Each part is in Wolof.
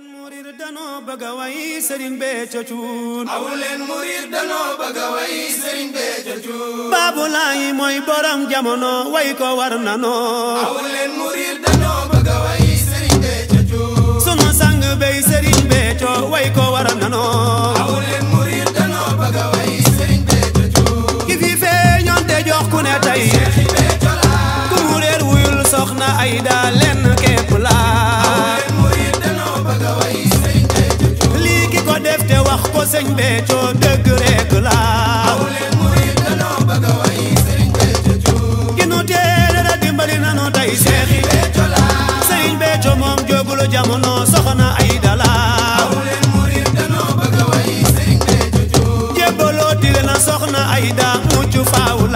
leen murir danoo bëgg a way Serigne Béthio leen murir danoo bëgg a way Serigne Béthio Thioune Babou mooy borom jamono way ko war na noo leen murir danoo bëgg a way Serigne ki fi feeñoon te jox ku ne tey Serigne Béthio ku mu wuyul soxna Ayda leen sëriñ Béthio dëgg rek la aw leen danoo bëgg a sëriñ Béthio Diouf ki nu teele la dimbali nanu tey seexi Béthio la sëriñ Béthio danoo bëgg a sëriñ Béthio Diouf jébbaloo tile na soxna ay da mucc faaw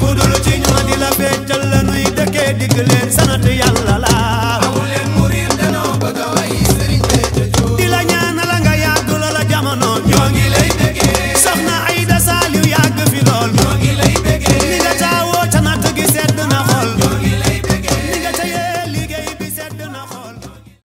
ku dul ci ñoo di la feccal la nuy dëkkee digg leen sanat yàlla la